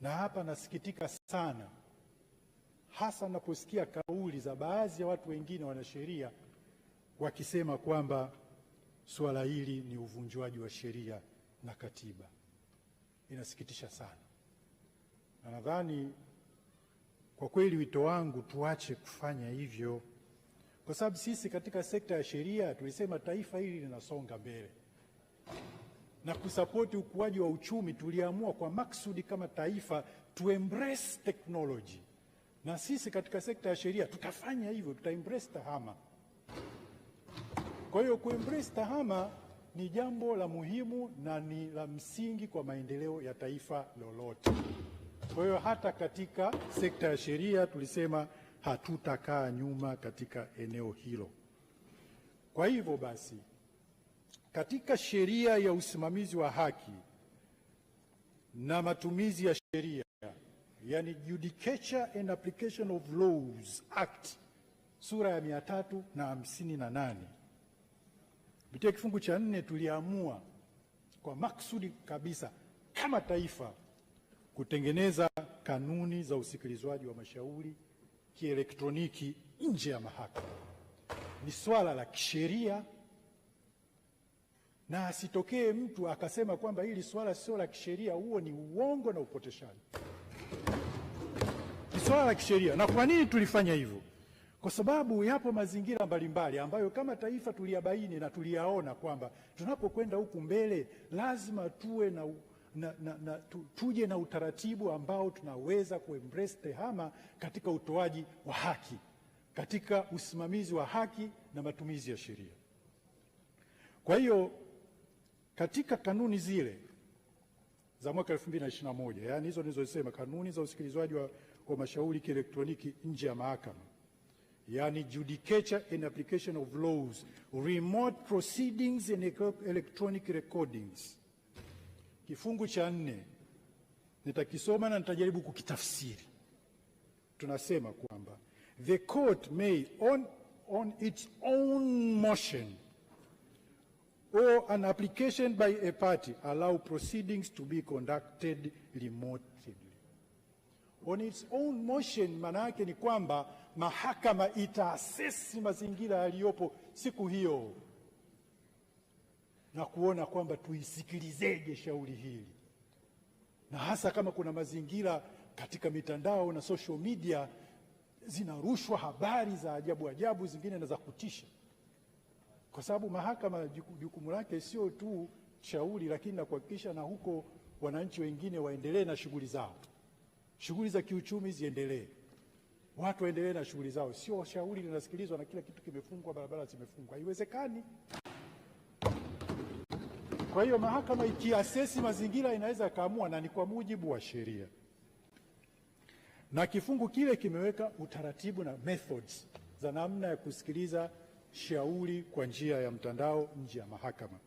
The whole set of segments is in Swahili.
Na hapa nasikitika sana, hasa naposikia kauli za baadhi ya watu wengine wanasheria wakisema kwamba suala hili ni uvunjwaji wa sheria na katiba. Inasikitisha sana, na nadhani kwa kweli, wito wangu tuache kufanya hivyo, kwa sababu sisi katika sekta ya sheria tulisema taifa hili linasonga mbele na kusapoti ukuaji wa uchumi, tuliamua kwa maksudi kama taifa tu embrace technology, na sisi katika sekta ya sheria tutafanya hivyo, tuta embrace TAHAMA. Kwa hiyo ku embrace TAHAMA ni jambo la muhimu na ni la msingi kwa maendeleo ya taifa lolote. Kwa hiyo hata katika sekta ya sheria tulisema hatutakaa nyuma katika eneo hilo. Kwa hivyo basi katika sheria ya usimamizi wa haki na matumizi ya sheria, yani Judicature and Application of Laws Act sura ya mia na hamsini na nane kupitia kifungu cha nne tuliamua kwa maksudi kabisa kama taifa kutengeneza kanuni za usikilizwaji wa mashauri kielektroniki nje ya mahakama. Ni swala la kisheria na asitokee mtu akasema kwamba hili swala sio la kisheria. Huo ni uongo na upoteshaji, ni swala la kisheria. Na kwa nini tulifanya hivyo? Kwa sababu yapo mazingira mbalimbali ambayo kama taifa tuliyabaini na tuliyaona kwamba tunapokwenda huku mbele lazima tuwe na, na, na, na tu, tuje na utaratibu ambao tunaweza kuembrace tehama katika utoaji wa haki, katika usimamizi wa haki na matumizi ya sheria. Kwa hiyo katika kanuni zile za mwaka 2021, yani hizo nilizosema, kanuni za usikilizwaji wa, wa mashauri kielektroniki nje ya mahakama, yani judicature and application of laws remote proceedings and electronic recordings, kifungu cha nne nitakisoma na nitajaribu kukitafsiri. Tunasema kwamba the court may on, on its own motion or an application by a party allow proceedings to be conducted remotely on its own motion. Maana yake ni kwamba mahakama itaasesi mazingira yaliyopo siku hiyo na kuona kwamba tuisikilizeje shauri hili, na hasa kama kuna mazingira katika mitandao na social media zinarushwa habari za ajabu ajabu zingine na za kutisha kwa sababu mahakama jukumu lake sio tu shauri, lakini na kuhakikisha na huko wananchi wengine waendelee na shughuli zao, shughuli za kiuchumi ziendelee, watu waendelee na shughuli zao, sio shauri linasikilizwa na kila kitu kimefungwa, barabara zimefungwa, haiwezekani. Kwa hiyo mahakama ikiasesi mazingira inaweza akaamua, na ni kwa mujibu wa sheria, na kifungu kile kimeweka utaratibu na methods za namna ya kusikiliza shauri kwa njia ya mtandao nje ya mahakama.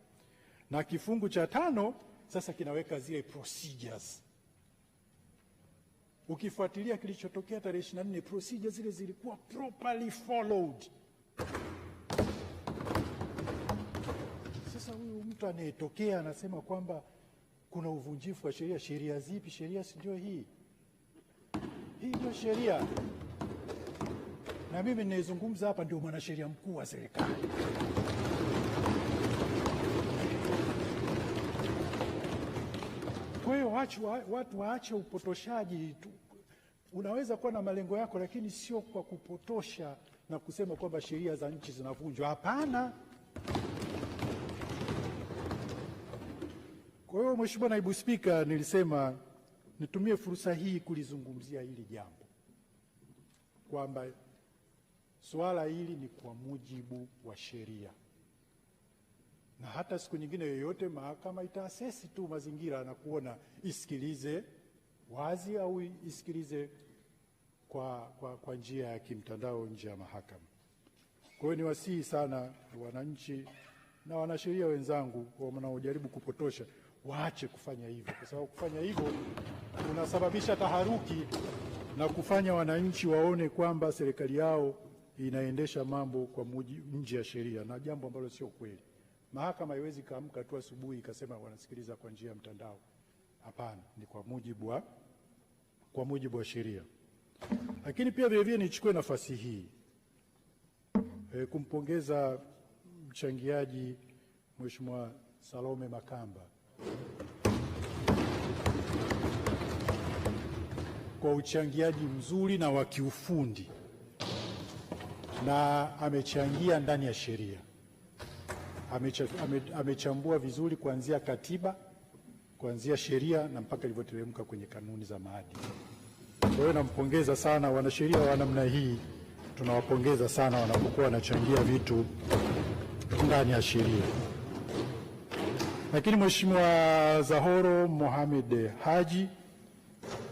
Na kifungu cha tano sasa kinaweka zile procedures. Ukifuatilia kilichotokea tarehe 24, procedures zile zilikuwa properly followed. Sasa huyu mtu anayetokea anasema kwamba kuna uvunjifu wa sheria. Sheria zipi? Sheria si ndio hii hii ndio sheria na mimi ninayezungumza hapa ndio mwanasheria mkuu wa serikali. Kwa hiyo watu waache upotoshaji tu. Unaweza kuwa na malengo yako, lakini sio kwa kupotosha na kusema kwamba sheria za nchi zinavunjwa. Hapana. Kwa hiyo Mheshimiwa Naibu Spika, nilisema nitumie fursa hii kulizungumzia hili jambo kwamba Suala hili ni kwa mujibu wa sheria, na hata siku nyingine yoyote mahakama itaasesi tu mazingira na kuona isikilize wazi au isikilize kwa, kwa, kwa njia ya kimtandao nje ya mahakama. Kwa hiyo niwasihi sana wananchi na wanasheria wenzangu wanaojaribu kupotosha waache kufanya hivyo, kwa sababu kufanya hivyo kunasababisha taharuki na kufanya wananchi waone kwamba serikali yao inaendesha mambo kwa nje ya sheria, na jambo ambalo sio kweli. Mahakama haiwezi kaamka tu asubuhi ikasema wanasikiliza kwa njia ya mtandao. Hapana, ni kwa mujibu wa kwa mujibu wa sheria. Lakini pia vilevile nichukue nafasi hii e, kumpongeza mchangiaji Mheshimiwa Salome Makamba kwa uchangiaji mzuri na wa kiufundi na amechangia ndani ya sheria, amechambua vizuri kuanzia katiba, kuanzia sheria na mpaka ilivyoteremka kwenye kanuni za maadili. Kwa hiyo nampongeza sana wanasheria wa namna hii, tunawapongeza sana wanapokuwa wanachangia vitu ndani ya sheria. Lakini Mheshimiwa Zahoro Mohamed Haji,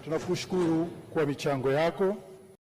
tunakushukuru kwa michango yako